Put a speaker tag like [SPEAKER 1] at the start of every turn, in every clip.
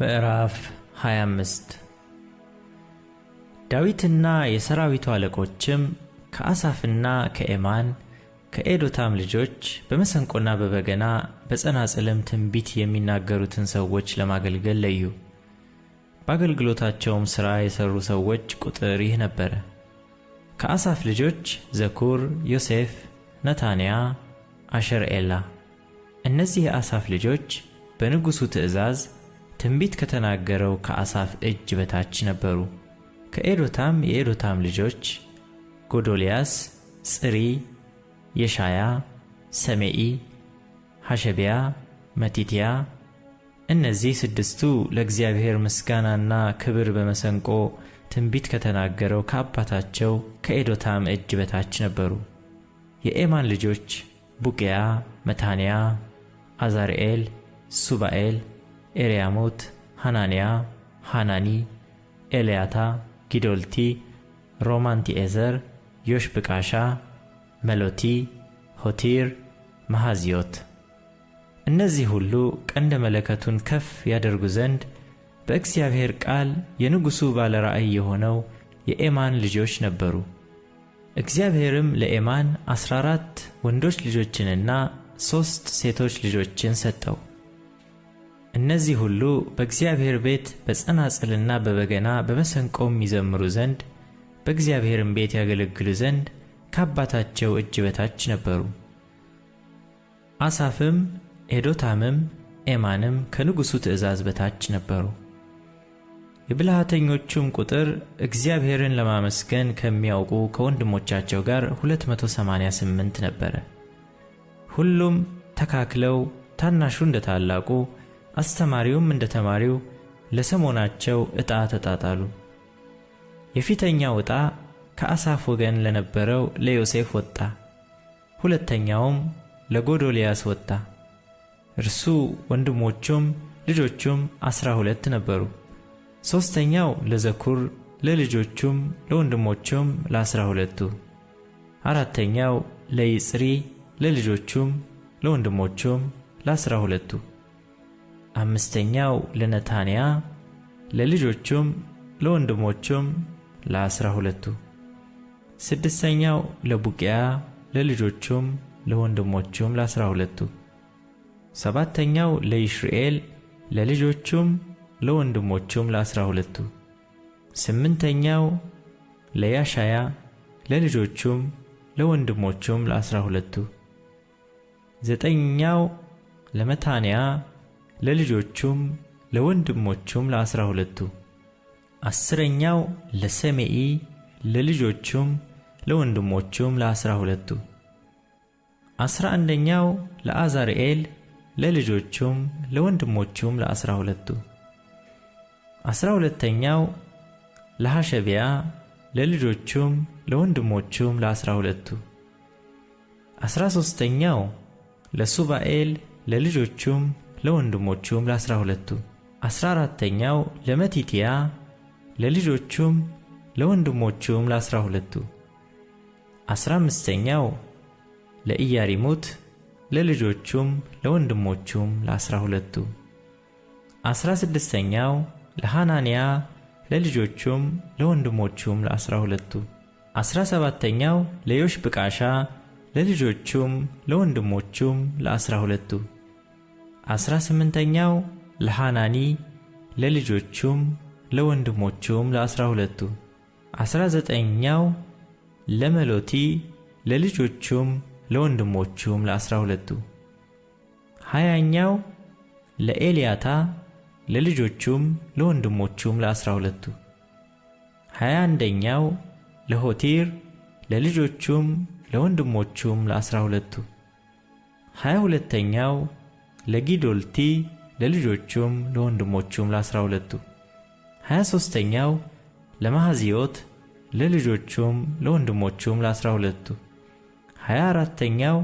[SPEAKER 1] ምዕራፍ 25 ዳዊትና የሰራዊቱ አለቆችም ከአሳፍና ከኤማን ከኤዶታም ልጆች በመሰንቆና በበገና በጸናጽልም ትንቢት የሚናገሩትን ሰዎች ለማገልገል ለዩ። በአገልግሎታቸውም ሥራ የሠሩ ሰዎች ቁጥር ይህ ነበረ። ከአሳፍ ልጆች ዘኩር፣ ዮሴፍ፣ ነታንያ፣ አሸርኤላ። እነዚህ የአሳፍ ልጆች በንጉሡ ትእዛዝ ትንቢት ከተናገረው ከአሳፍ እጅ በታች ነበሩ። ከኤዶታም የኤዶታም ልጆች ጎዶልያስ፣ ጽሪ፣ የሻያ፣ ሰሜኢ፣ ሐሸቢያ፣ መቲትያ እነዚህ ስድስቱ ለእግዚአብሔር ምስጋናና ክብር በመሰንቆ ትንቢት ከተናገረው ከአባታቸው ከኤዶታም እጅ በታች ነበሩ። የኤማን ልጆች ቡቅያ፣ መታንያ፣ አዛርኤል፣ ሱባኤል ኤርያሞት፣ ሐናንያ፣ ሐናኒ፣ ኤልያታ፣ ጊዶልቲ፣ ሮማንቲኤዘር፣ ዮሽብቃሻ፣ መሎቲ፣ ሆቲር፣ መሐዝዮት። እነዚህ ሁሉ ቀንደ መለከቱን ከፍ ያደርጉ ዘንድ በእግዚአብሔር ቃል የንጉሡ ባለ ራእይ የሆነው የኤማን ልጆች ነበሩ። እግዚአብሔርም ለኤማን አሥራ አራት ወንዶች ልጆችንና ሦስት ሴቶች ልጆችን ሰጠው። እነዚህ ሁሉ በእግዚአብሔር ቤት በጸናጽልና በበገና በመሰንቆም ይዘምሩ ዘንድ በእግዚአብሔርም ቤት ያገለግሉ ዘንድ ከአባታቸው እጅ በታች ነበሩ። አሳፍም ኤዶታምም ኤማንም ከንጉሡ ትእዛዝ በታች ነበሩ። የብልሃተኞቹም ቁጥር እግዚአብሔርን ለማመስገን ከሚያውቁ ከወንድሞቻቸው ጋር 288 ነበረ። ሁሉም ተካክለው ታናሹ እንደ ታላቁ አስተማሪውም እንደ ተማሪው ለሰሞናቸው ዕጣ ተጣጣሉ። የፊተኛው ዕጣ ከአሳፍ ወገን ለነበረው ለዮሴፍ ወጣ። ሁለተኛውም ለጎዶልያስ ወጣ። እርሱ ወንድሞቹም ልጆቹም አስራ ሁለት ነበሩ። ሦስተኛው ለዘኩር ለልጆቹም ለወንድሞቹም ለዐሥራ ሁለቱ። አራተኛው ለይጽሪ ለልጆቹም ለወንድሞቹም ለዐሥራ ሁለቱ። አምስተኛው ለነታንያ ለልጆቹም ለወንድሞቹም ለአስራ ሁለቱ። ስድስተኛው ለቡቅያ ለልጆቹም ለወንድሞቹም ለአስራ ሁለቱ። ሰባተኛው ለይሽርኤል ለልጆቹም ለወንድሞቹም ለአስራ ሁለቱ። ስምንተኛው ለያሻያ ለልጆቹም ለወንድሞቹም ለአስራ ሁለቱ። ዘጠኛው ለመታንያ ለልጆቹም ለወንድሞቹም ለአሥራ ሁለቱ አስረኛው ለሰሜኢ ለልጆቹም ለወንድሞቹም ለአሥራ ሁለቱ አሥራ አንደኛው ለአዛርኤል ለልጆቹም ለወንድሞቹም ለአሥራ ሁለቱ አሥራ ሁለተኛው ለሐሸቢያ ለልጆቹም ለወንድሞቹም ለአሥራ ሁለቱ አሥራ ሦስተኛው ለሱባኤል ለልጆቹም ለወንድሞቹም ለአስራ ሁለቱ አስራ አራተኛው ለመቲትያ ለልጆቹም ለወንድሞቹም ለአስራ ሁለቱ አስራ አምስተኛው ለኢያሪሙት ለልጆቹም ለወንድሞቹም ለአስራ ሁለቱ አስራ ስድስተኛው ለሐናንያ ለልጆቹም ለወንድሞቹም ለአስራ ሁለቱ አስራ ሰባተኛው ለዮሽ ብቃሻ ለልጆቹም ለወንድሞቹም ለአስራ ሁለቱ አሥራ ስምንተኛው ለሐናኒ ለልጆቹም ለወንድሞቹም ለአሥራ ሁለቱ አሥራ ዘጠኛው ለመሎቲ ለልጆቹም ለወንድሞቹም ለአሥራ ሁለቱ ሀያኛው ለኤልያታ ለልጆቹም ለወንድሞቹም ለአሥራ ሁለቱ ሀያ አንደኛው ለሆቲር ለልጆቹም ለወንድሞቹም ለአሥራ ሁለቱ ሀያ ሁለተኛው ለጊዶልቲ ለልጆቹም ለወንድሞቹም ለአስራ ሁለቱ ሀያ ሦስተኛው ለማሐዚዮት ለልጆቹም ለወንድሞቹም ለአስራ ሁለቱ ሀያ አራተኛው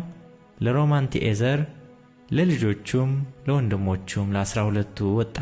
[SPEAKER 1] ለሮማንቲኤዘር ለልጆቹም ለወንድሞቹም ለአስራ ሁለቱ ወጣ።